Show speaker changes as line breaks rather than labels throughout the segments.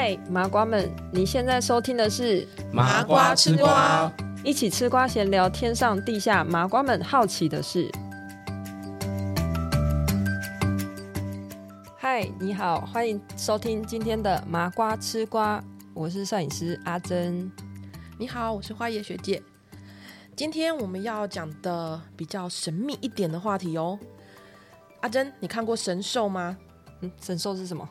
嗨，麻瓜們！你現在收聽的是《
麻瓜吃瓜》，
一起吃瓜閒聊天上地下麻瓜們好奇的事。嗨，你好，歡迎收聽今天的《麻瓜
吃瓜》，我是攝影師阿珍。你好，我是花葉學姐。今天我們要講的比較神秘一點的話題哦。阿珍，你看過神獸嗎？嗯，神獸是什麼？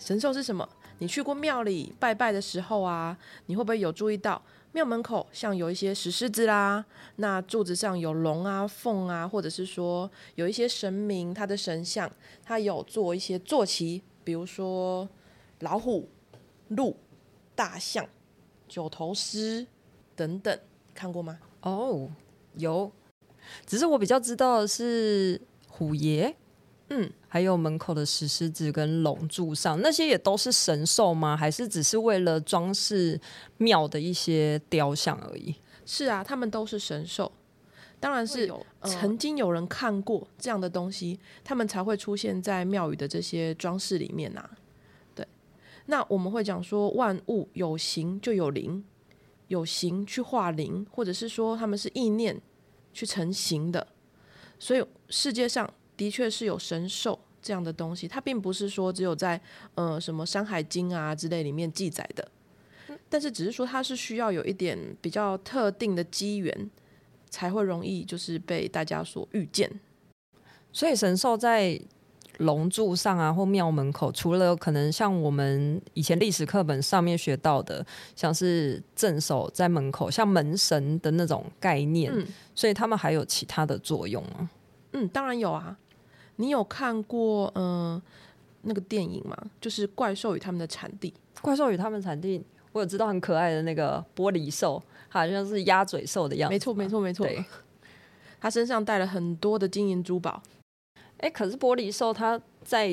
神獸是什麼？你去過廟裡拜拜的時候啊，你會不會有注意到廟門口像有一些石獅子啦？那柱子上有龍啊、鳳啊，或者是說有一些神明他的神像，他有做一些坐騎，比如說老虎、鹿、大象、九頭獅等等，看過嗎？
哦，oh，有，只是我比較知道的是虎爺。嗯，還有門口的石獅子跟龍柱上那些也都是神獸嗎？還是只是為了裝飾廟的一些雕像而已？
是啊，他們都是神獸，當然是曾經有人看過這樣的東西，他們才會出現在廟宇的這些裝飾裡面吶，啊。對，那我們會講說萬物有形就有靈，有形去化靈，或者是說他們是意念去成形的，所以世界上。的確是有神獸這樣的東西，它並不是說只有在呃什麼《山海經》啊之類裡面記載的，嗯，但是只是說它是需要有一點比較特定的機緣才會容易就是被大家所遇見。所以神獸
在龍柱上啊，或廟門口，除了可能像我們以前歷史課本上面學到的，像是鎮守在門口，像門神的那種概念，嗯，所以他們還有其他的作用嗎？
嗯，當然有啊。你有看過嗯、呃、那個電影嗎？就是《怪獸與他們的產地》。
怪獸與他們產地，我有知道很可愛的那個玻璃獸，好像是鴨嘴獸的樣子。沒錯，沒錯，沒錯。對。 他身上帶了很多的金銀珠寶。欸，可是玻璃獸他在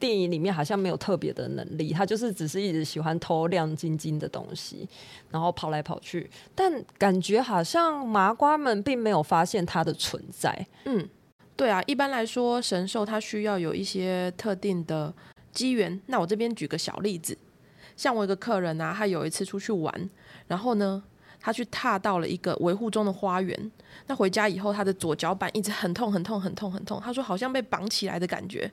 電影裡面好像沒有特別的能力，他就是只是一直喜歡偷亮晶晶的東西，然後跑來跑去。但感覺好像
麻瓜們並沒有發現他的存在。嗯。對啊，一般來說，神獸它需要有一些特定的機緣。那我這邊舉個小例子，像我一個客人啊，他有一次出去玩，然後呢，他去踏到了一個維護中的花園。那回家以後，他的左腳板一直很痛很痛很痛很痛。他說好像被綁起來的感覺，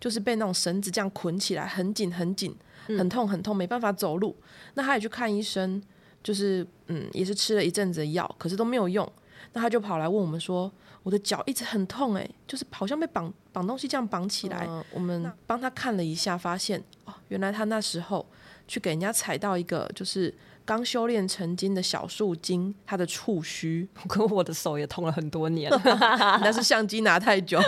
就是被那種繩子這樣捆起來，很緊很緊，很痛很痛，沒辦法走路。嗯，那他也去看醫生，就是嗯，也是吃了一陣子的藥，可是都沒有用。那他就跑來問我們說。我的腳一直很痛，欸，哎，就是好像被綁綁東西這樣綁起來。嗯、我們幫他看了一下，發現哦，原來他那時候去給人家踩到一個就是剛修煉成精的小樹精，它的觸須。跟我的手也痛了很多年，但 是相機拿太久。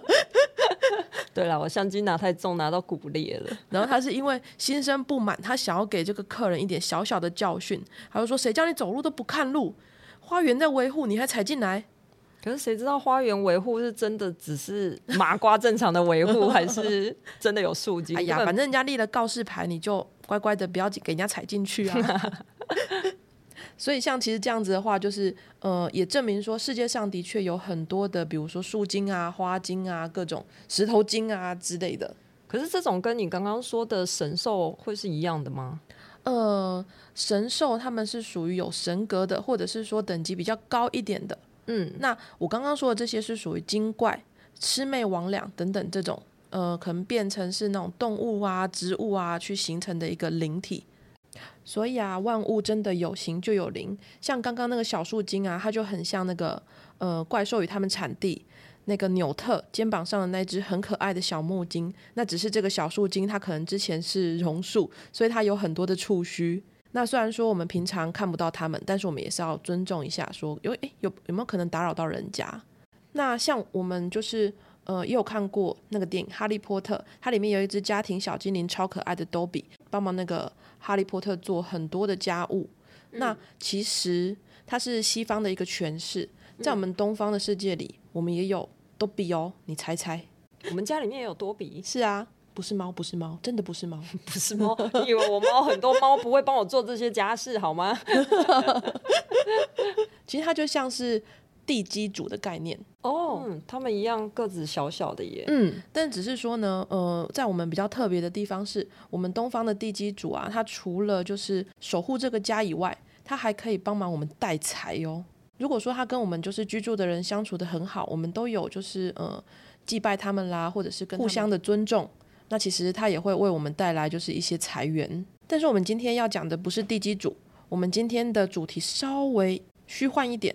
對了，我相機拿太重，拿到骨裂了。然後他是因為心生不滿，他想要給這個客人一點小小的教訓，他就說：“誰叫你走路都不看路？花園在維護，你還踩進來？”可是誰知道花園維護是真的只是麻
瓜正常的維護， 還是真的有
樹精？哎呀，反正人家立了告示牌，你就乖乖的不要給人家踩進去啊。 所以像其實這樣子的話，就是呃，也證明說世界上的確有很多的，比如說樹精啊、花精啊、各種石頭精啊之類的。可是這種跟你剛剛說的神獸會是一樣的嗎？呃，神獸他們是屬於有神格的，或者是說等級比較高一點的。嗯，那我剛剛說的這些是屬於精怪、魑魅魍魎等等這種，呃，可能變成是那種動物啊、植物啊去形成的一個靈體。所以啊，萬物真的有形就有靈，像剛剛那個小樹精啊，它就很像那個呃怪獸與他們產地那個紐特肩膀上的那隻很可愛的小木精。那只是這個小樹精，它可能之前是榕樹，所以它有很多的觸鬚。那雖然說我們平常看不到他們，但是我們也是要尊重一下，說有誒，有、欸、有，有沒有可能打擾到人家？那像我們就是呃也有看過那個電影《哈利波特》，它裡面有一隻家庭小精靈，超可愛的多比，幫忙那個哈利波特做很多的家務。嗯、那其實它是西方的一個詮釋，在我們東方的世界裡，嗯、我們也有多比哦。你猜猜，我們家裡面有多比？是啊。不是貓，不是貓，真的不是貓，不是貓。哦，你以為我貓很多，
貓不會幫我做這些家事，好嗎？其
實它就像是地基主的概念哦。嗯，他們一樣個子小小的耶。嗯，但只是說呢，呃，在我們比較特別的地方是，我們東方的地基主啊，它除了就是守護這個家以外，它還可以幫忙我們帶財哦。如果說它跟我們就是居住的人相處的很好，我們都有就是呃祭拜他們啦，或者是跟互相的尊重。那其實它也會為我們帶來就是一些財源，但是我們今天要講的不是地基主，我們今天的主題稍微虛幻一點，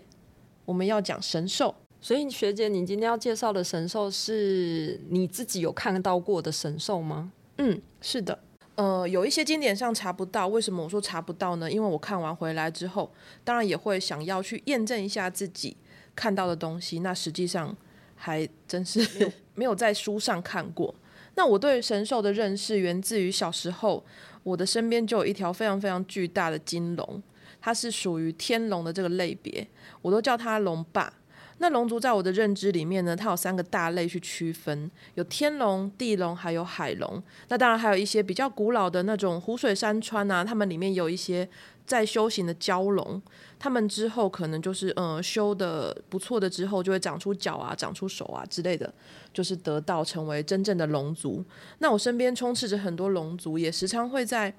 我們要講神獸。所以學姐，你今天要介紹的神獸是你自己有看到過的神獸嗎？嗯，是的，呃，有一些經典上查不到，為什麼我說查不到呢？因為我看完回來之後，當然也會想要去驗證一下自己看到的東西，那實際上還真是沒有，沒有在書上看過。那我對神獸的認識源自於小時候，我的身邊就有一條非常非常巨大的金龍，它是屬於天龍的這個類別，我都叫它龍爸。那龍族在我的認知裡面呢，它有三個大類去區分，有天龍、地龍，還有海龍。那當然還有一些比較古老的那種湖水山川啊，它們裡面有一些在修行的蛟龍。他們之後可能就是，呃，修得不錯的之後就會長出腳啊、長出手啊之類的，就是得到成為真正的龍族。那我身邊充斥着很多龍族，也時常會在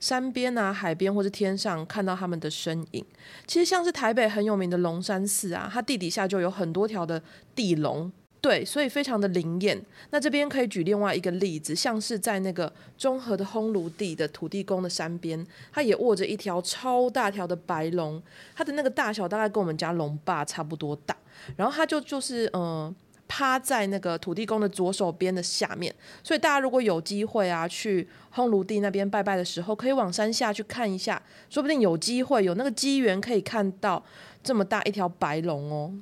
山邊啊、海邊或是天上看到他們的身影。其實像是台北很有名的龍山寺啊，它地底下就有很多條的地龍。對，所以非常的靈驗。那這邊可以舉另外一個例子，像是在那個中和的烘爐地的土地公的山邊，它也臥着一條超大條的白龍，它的那個大小大概跟我們家龍爸差不多大。然後它就就是嗯、呃，趴在那個土地公的左手邊的下面。所以大家如果有機會啊，去烘爐地那邊拜拜的時候，可以往山下去看一下，說不定有機會有那個機緣可以看到這麼大一條白龍哦。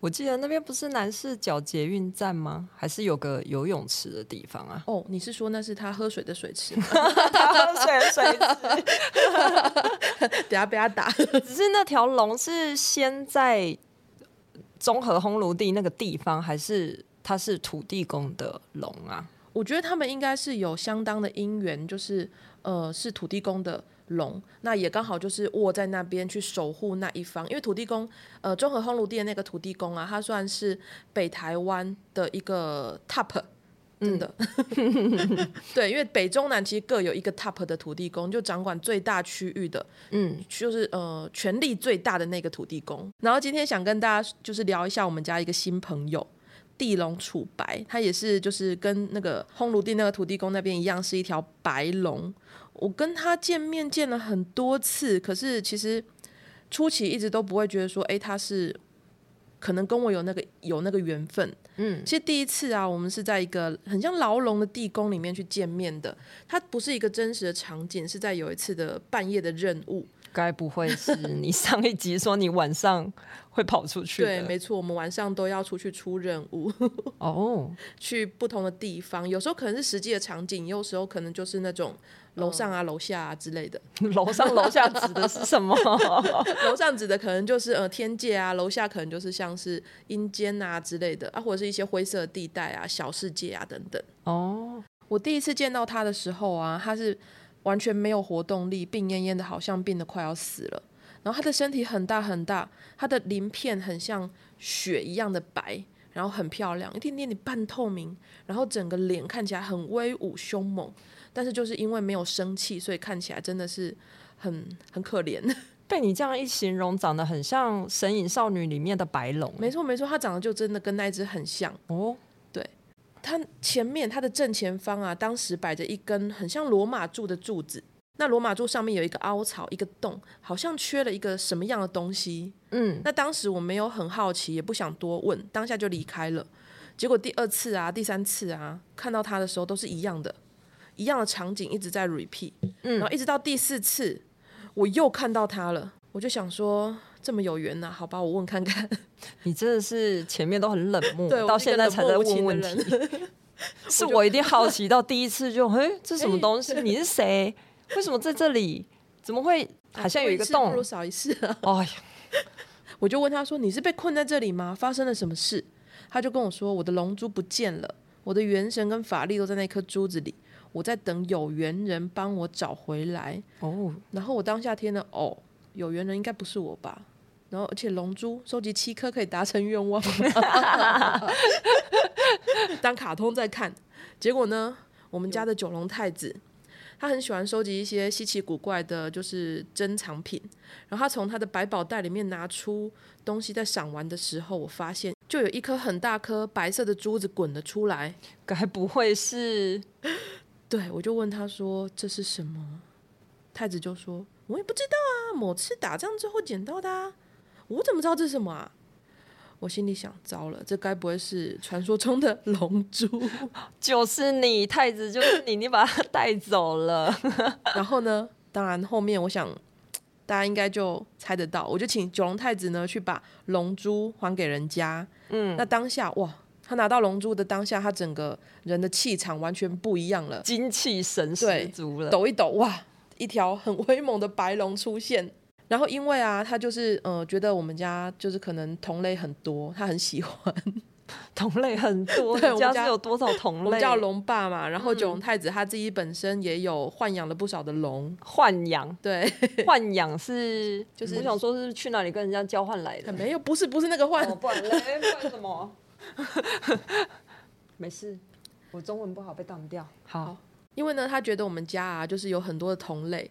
我記得那邊不是南勢角捷運站嗎？還是有個遊泳池的地方啊？哦，你是說那是他喝水的水池嗎？
他喝水的水池。等下被他打。 只是那條龍是
先在中和烘爐地那個地方，還是它是土
地公的龍啊？我覺得他們應該是有相當的因緣，就是呃，是土地公的。龍那也剛好就是臥在那邊去守護那一方，因為土地公，呃，中和烘爐地那個土地公啊，他算是北台灣的一個 top，嗯，真的， 對，因為北中南其實各有一個 top 的土地公，就掌管最大區域的，嗯，就是呃權力最大的那個土地公。然後今天想跟大家就是聊一下我們家一個新朋友，地龍楚白，他也是就是跟那個烘爐地那個土地公那邊一樣，是一條白龍。我跟他見面見了很多次，可是其實初期一直都不會覺得說，哎、欸，他是可能跟我有那個有那個緣分。嗯，其實第一次啊，我們是在一個很像牢籠的地宮裡面去見面的，它不是一個真實的場景，是在有一次的半夜的任務。該不會是你上一集說你晚上會跑出去？ 對，沒錯，我們晚上都要出去出任務哦， 去不同的地方。有時候可能是實際的場景，有時候可能就是那種樓上啊、樓下啊之類的。樓 上樓下指的是什麼？樓 上指的可能就是呃天界啊，樓下可能就是像是陰間啊之類的啊，或者是一些灰色地帶啊、小世界啊等等。哦， 我第一次見到他的時候啊，他是。完全沒有活動力，病懨懨的，好像病得快要死了。然後他的身體很大很大，他的鱗片很像雪一樣的白，然後很漂亮，一天天你半透明，然後整個臉看起來很威武兇猛，但是就是因為沒有生氣，所以看起來真的是很很可憐。被你這樣一形容，長得很像《神隱少女》裡面的白龍。沒錯沒錯，他長得就真的跟那一隻很像哦。它前面，它的正前方啊，當時擺着一根很像羅馬柱的柱子，那羅馬柱上面有一個凹槽，一個洞，好像缺了一個什麼樣的東西。嗯，那當時我沒有很好奇，也不想多問，當下就離開了。結果第二次啊，第三次啊，看到它的時候都是一樣的，一樣的場景一直在 repeat。嗯，然後一直到第四次，我又看到它了，我就想說。這麼有緣呢、啊，好吧，我問看看。 你
真的是前面都很
冷漠，到現在才在問問題。
我是我一定好奇到第一次就，嘿、 欸、這什麼東西？ 你是誰？
為什麼在這裡？ 怎麼會？好像有一個洞。少、啊、一次。哎呀，我就問他說：“你是被困在這裡嗎？發生了什麼事？” 他就跟我說：“我的龍珠不見了，我的元神跟法力都在那顆珠子裡，我在等有緣人幫我找回來。”哦，然後我當下聽了，哦，有緣人應該不是我吧？然後，而且龍珠收集七顆可以達成願望。 當卡通在看，結果呢？我們家的九龍太子，他很喜歡收集一些稀奇古怪的，就是珍藏品。然後他從他的百寶袋裡面拿出東西，在賞玩的時候，我發現就有一顆很大顆白色的珠子滾了出來。該不會是？對，我就問他說，這是什麼？太子就說，我也不知道啊，某次打仗之後撿到的啊。我怎麼知道這是什麼啊？我心裡想，糟了，這該不會是傳說中的龍珠？
就是你太子，就是你，你把他帶走了。
然後呢？當然後面，我想大家應該就猜得到，我就請九龍太子呢去把龍珠還給人家。嗯，那當下哇，他拿到龍珠的當下，他整個人的氣場完全不一樣了，精氣神十足了，對，抖一抖，哇，一條很威猛的白龍出現。然後，因為啊，他就是，呃，覺得我們家就是可能同類很多，他很喜歡同類很多。 對， 我們家是有多少同類？ 我，們我們叫龍爸嘛、嗯，然後九龍太子他自己本身也有豢養了不少的
龍，豢、嗯、養，對，豢養是 就是。我想說，是不是去哪裡跟人家交換
來的？ 沒有，不是，不是那個換。換
嘞、哦？換什麼？
沒事，我中文不好，被當掉。好。好，因為呢，他覺得我們家啊，就是有很多的同類。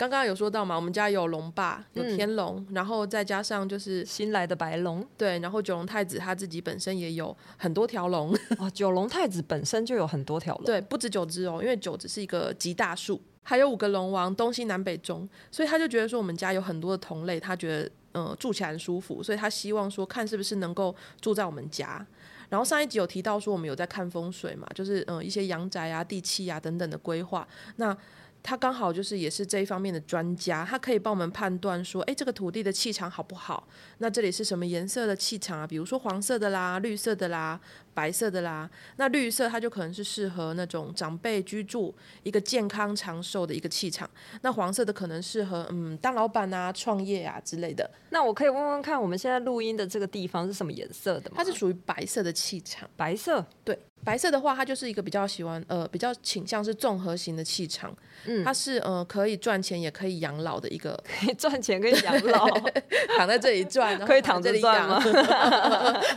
剛剛有說到嘛，我們家有龍霸、有天龍，嗯、然後再加上就是新來的白龍，對，然後九龍太子他自己本身也有很多條龍啊、哦。九龍太子本身就有很多條龍，對，不止九隻哦，因為九隻是一個極大數，還有五個龍王，東西南北中，所以他就覺得說我們家有很多的同類，他覺得嗯、呃、住起來很舒服，所以他希望說看是不是能夠住在我們家。然後上一集有提到說我們有在看風水嘛，就是嗯、呃、一些陽宅啊、地氣啊等等的規劃，那。他剛好就是也是這一方面的專家，他可以幫我們判斷說，哎、欸，這個土地的氣場好不好？那這裡是什麼顏色的氣場啊？比如說黃色的啦、綠色的啦。白色的啦，那綠色它就可能是適合那種長輩居住，一個健康長壽的一個氣場。那黃色的可能適合嗯，當老闆啊、創業啊之類的。那我可以問問看，我們現在錄音的這個地方是什麼顏色的嗎？它是屬於白色的氣場，白色？對，白色的話，它就是一個比較喜歡呃，比較傾向是綜合型的氣場。嗯，它是呃可以賺錢，也可以養老的一個。可以賺錢，可以養老， 躺在這裡賺，可以躺着賺嗎？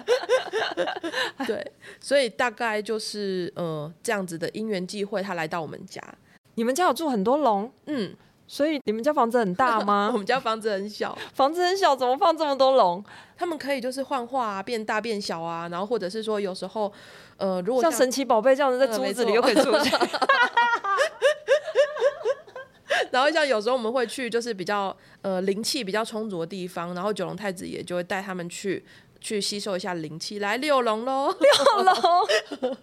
對。所以大概就是呃這樣子的因緣際會，他來到我們家。你們家有住很多龍，嗯，所以你們家房子很大嗎？ 我們家房子很小，房子很小，怎麼放這麼多龍？他們可以就是幻化啊，變大變小啊，然後或者是說有時候呃，如果像，像神奇寶貝這樣子在竹子裡又、呃、可以住下， 然後像有時候我們會去就是比較呃靈氣比較充足的地方，然後九龍太子爺就會帶他們去。去吸收一下靈氣，來遛龍嘍！遛龍，遛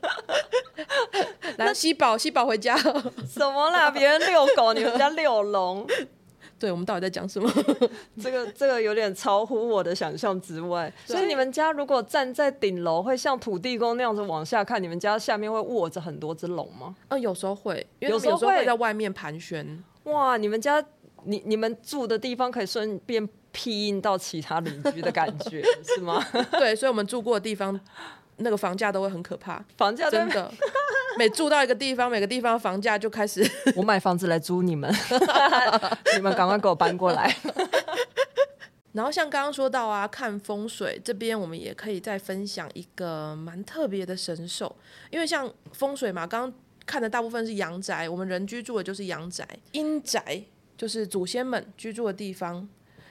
來吸飽，吸飽回家。什麼啦？別人遛狗，你們家
遛龍？
對，我們到底在講什麼？
這個這個有點超乎我的想象之外。所以你們家如果站在頂樓，會像土地公那樣子往下看，你們家下面會臥着很多隻龍嗎？呃，
有時候會，
有時候會在外面盤旋。哇，你們家，你你們住的地方可以順便。屁印到其他鄰居的
感覺 是嗎？對，所以我們住過的地方，那個房價都會很可怕。 房價真的，每住到一個地方，每個地方房價就開始 。
我買房子來租你們， 你們趕快給我搬過來。
然後像剛剛說到啊，看風水這邊，我們也可以再分享一個蠻特別的神獸，因為像風水嘛，剛剛看的大部分是陽宅，我們人居住的就是陽宅，陰宅就是祖先們居住的地方。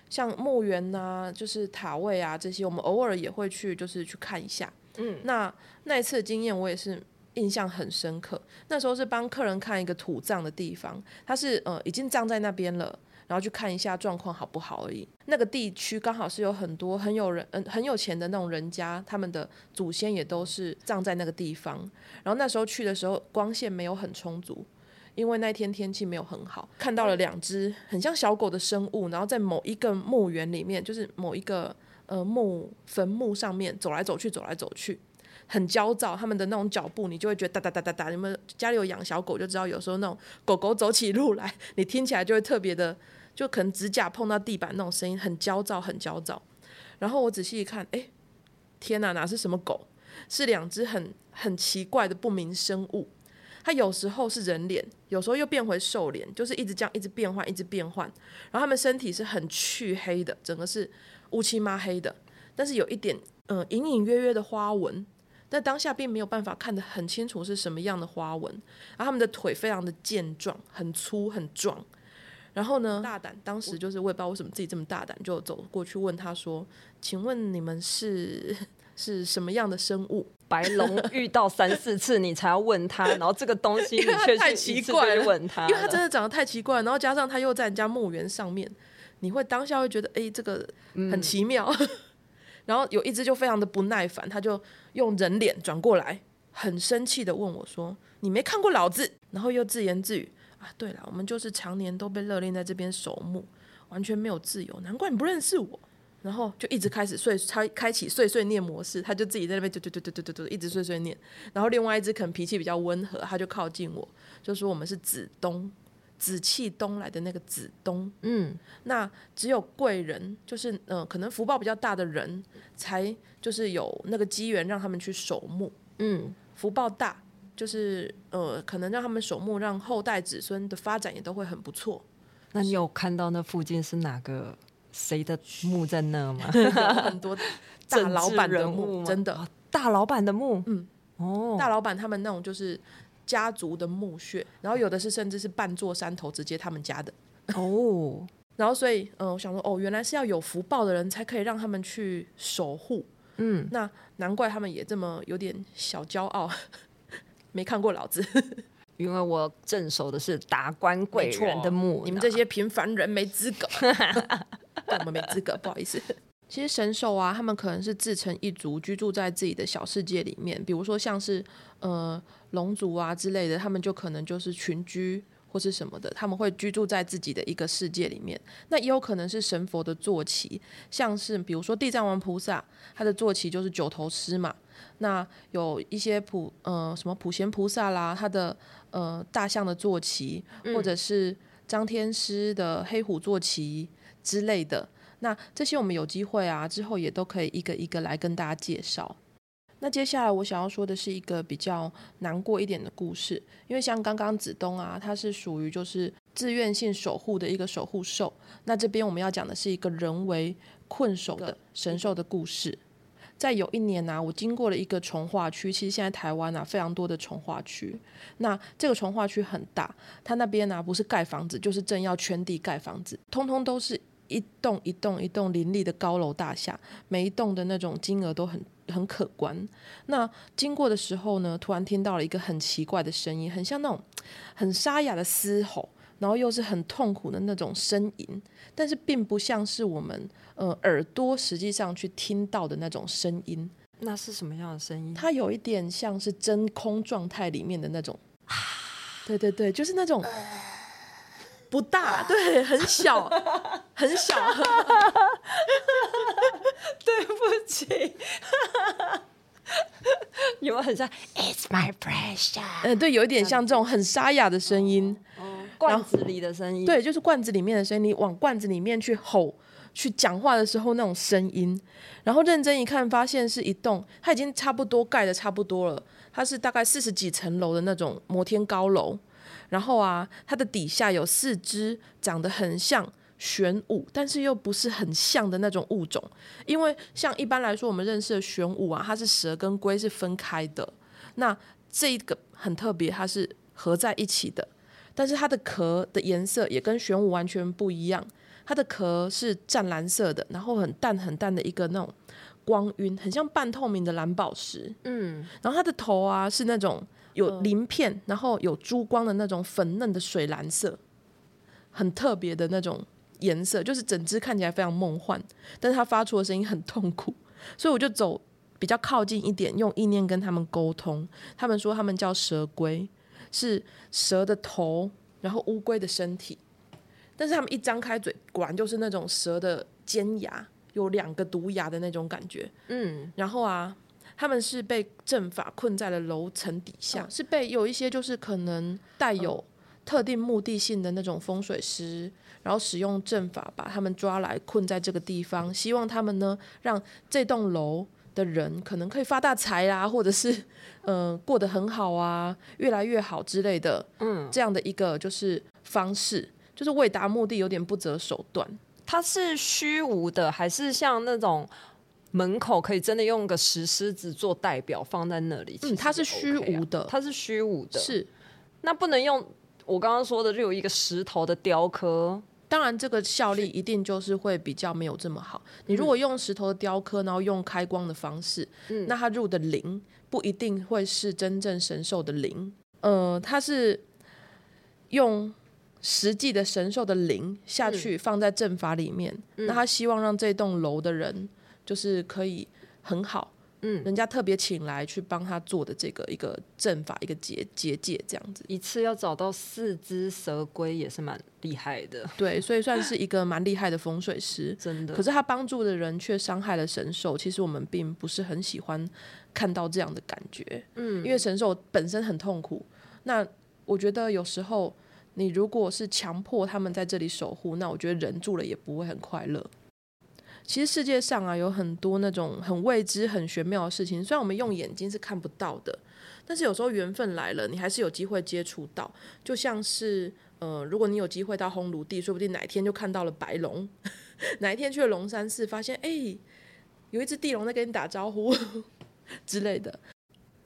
像墓園吶，就是塔位啊，這些，我們偶爾也會去，就是去看一下。嗯，那那一次的經驗我也是印象很深刻。那時候是幫客人看一個土葬的地方，他是呃已經葬在那邊了，然後去看一下狀況好不好而已。那個地區剛好是有很多很有人嗯很有錢的那種人家，他們的祖先也都是葬在那個地方。然後那時候去的時候光線沒有很充足。因為那天天氣沒有很好，看到了兩隻很像小狗的生物，然後在某一個墓園裡面，就是某一個呃墓墳墓上面走來走去，走來走去，很焦躁。他們的那種腳步，你就會覺得噠噠噠噠噠。你們家裡有養小狗就知道，有時候那種狗狗走起路來，你聽起來就會特別的，就可能指甲碰到地板那種聲音，很焦躁，很焦躁。然後我仔細一看，誒，天哪，哪，哪是什麼狗？是兩隻很很奇怪的不明生物。他有時候是人臉，有時候又變回獸臉，就是一直這樣一直變換，一直變換。然後他們身體是很黢黑的，整個是烏漆抹黑的，但是有一點嗯、呃、隱隱約約的花紋，但當下並沒有辦法看得很清楚是什麼樣的花紋。然後他們的腿非常的健壯，很粗很壯。然後呢，大膽當時就是我也不知道為什麼自己這麼大膽，就走過去問他說：“請問你們是是什麼樣的生物？”白龍遇到三
四次你才要問他， 然後這個東西太奇怪，問他，因為他真的
長得太奇怪，然後加上他又在人家墓園上面，你會當下會覺得哎、欸、這個很奇妙。嗯、 然後有一隻就非常的不耐煩，他就用人臉轉過來，很生氣的問我說：“你沒看過老子？”然後又自言自語：“啊對了，我們就是常年都被勒令在這邊守墓，完全沒有自由，難怪你不認識我。”然後就一直開始碎，他開啟碎碎念模式，他就自己在那邊，就嘟嘟嘟嘟嘟一直碎碎念。然後另外一隻可能脾氣比較溫和，他就靠近我，就說我們是紫東，紫氣東來的那個紫東。嗯，那只有貴人，就是呃可能福報比較大的人才，就是有那個機緣讓他們去守墓。嗯，福報大，就是呃，可能讓他們守墓，讓後代子孫的發展也都會很不錯。
那你有看到那附近是哪個？誰的墓在那嘛？ 有很多大老闆的墓，真的、哦、大老闆的墓，嗯
哦，大老闆他們那種就是家族的墓穴，然後有的是甚至是半座山頭直接他們家的哦。然後所以嗯、呃，我想說哦，原來是要有福報的人才可以讓他們去守護，嗯，那難怪他們也這麼有點小驕傲，沒看過老子，因為我鎮守的是達官貴人的墓，你們這些平凡人沒資格。 但我們沒資格，不好意思。其實神獸啊，他們可能是自成一族，居住在自己的小世界裡面。比如說像是呃龍族啊之類的，他們就可能就是群居或是什麼的，他們會居住在自己的一個世界裡面。那也有可能是神佛的坐騎，像是比如說地藏王菩薩，他的坐騎就是九頭獅嘛。那有一些普呃什麼普賢菩薩啦，他的呃大象的坐騎，或者是張天師的黑虎坐騎。嗯之類的，那這些我們有機會啊，之後也都可以一個一個來跟大家介紹。那接下來我想要說的是一個比較難過一點的故事，因為像剛剛子東啊，他是屬於就是自願性守護的一個守護獸。那這邊我們要講的是一個人為困守的神獸的故事。在有一年啊，我經過了一個重劃區，其實現在台灣啊非常多的重劃區，那這個重劃區很大，他那邊呢、啊、不是蓋房子，就是正要圈地蓋房子，通通都是。一棟一棟一棟林立的高樓大廈，每一棟的那種金額都很很可觀。那經過的時候呢，突然聽到了一個很奇怪的聲音，很像那種很沙啞的嘶吼，然後又是很痛苦的那種呻吟，但是並不像是我們呃耳朵實際上去聽到的那種聲音。那是什麼樣的聲音？它有一點像是真空狀態裡面的那種。 對對對，就是那種。呃不大，對，很小，很小。
對不起。 有沒有很像？It's my pressure。
嗯，對，有一點像這種很沙啞的聲音。哦哦、罐子裡的聲音。對，就是罐子裡面的聲音。你往罐子裡面去吼、去講話的時候那種聲音。然後認真一看，發現是一棟，它已經差不多蓋得差不多了。它是大概四十幾層樓的那種摩天高樓。然後啊，它的底下有四隻長得很像玄武，但是又不是很像的那種物種。因為像一般來說我們認識的玄武啊，它是蛇跟龜是分開的。那這個很特別，它是合在一起的。但是它的殼的顏色也跟玄武完全不一樣，它的殼是湛藍色的，然後很淡很淡的一個那種光暈，很像半透明的藍寶石。嗯，然後它的頭啊是那種。有鱗片，然後有珠光的那種粉嫩的水藍色，很特別的那種顏色，就是整隻看起來非常夢幻。但是它發出的聲音很痛苦，所以我就走比較靠近一點，用意念跟他們溝通。他們說他們叫蛇龜，是蛇的頭，然後烏龜的身體。但是他們一張開嘴，果然就是那種蛇的尖牙，有兩個毒牙的那種感覺。嗯，然後啊。他們是被陣法困在了樓層底下，嗯，是被有一些就是可能帶有特定目的性的那種風水師，嗯、然後使用陣法把他們抓來困在這個地方，希望他們呢，讓這棟樓的人可能可以發大財啊，或者是嗯、呃、過得很好啊，越來越好之類的，嗯，這樣的一個就是方式，就是為達目的有點不擇手段。他是虛無的，還是像那種？
門口可以真的用個石獅子做代表放在那裡，OK 啊、嗯，它是虛無的，它是虛無的，是那不能用我剛剛說的就有一個石頭的雕
刻，當然這個效力一定就是會比較沒有這麼好。你如果用石頭的雕刻，然後用開光的方式，嗯，那它入的靈不一定會是真正神獸的靈，呃，它是用實際的神獸的靈下去放在陣法裡面，嗯、那他希望讓這棟樓的人。就是可以很好，嗯，人家特別請來去幫他做的這個一個陣法，一個結結界這樣子，一次要找到四只蛇龜也是蠻厲害的，對，所以算是一個蠻厲害的風水師， 真的。可是他幫助的人卻傷害了神獸，其實我們並不是很喜歡看到這樣的感覺，嗯，因為神獸本身很痛苦。那我覺得有時候你如果是強迫他們在這裡守護，那我覺得人住了也不會很快樂。其實世界上啊，有很多那種很未知，很玄妙的事情，雖然我們用眼睛是看不到的，但是有時候緣分來了，你還是有機會接觸到。就像是，呃，如果你有機會到烘爐地，說不定哪一天就看到了白龍； 哪一天去了龍山寺，發現欸，有一只地龍在跟你打招呼 之類的。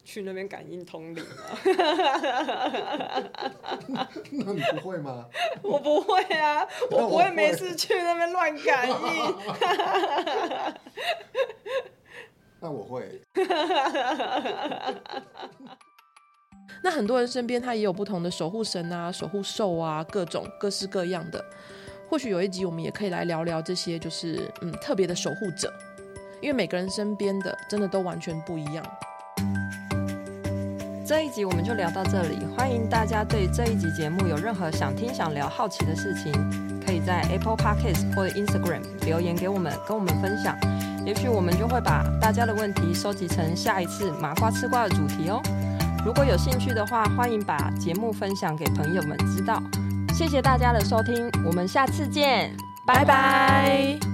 去那邊感應通
靈
那你不會嗎？
我不會啊， 我不會沒事去那邊亂感應。 那我會。
那很多人身邊他也有不同的守護神啊、守護獸啊，各種各式各樣的。或許有一集我們也可以來聊聊這些，就是嗯特別的守護者，因為每個人身邊的真的都完全不一樣。
這一集我們就聊到這裡。歡迎大家對這一集節目有任何想聽、想聊、好奇的事情，可以在 Apple Podcast 或者 Instagram 留言給我們，跟我們分享。也許我們就會把大家的問題收集成下一次麻瓜吃瓜的主題哦。如果有興趣的話，歡迎把節目分享給朋友們知道。謝謝大家的收聽，我們下次見，拜拜。拜拜。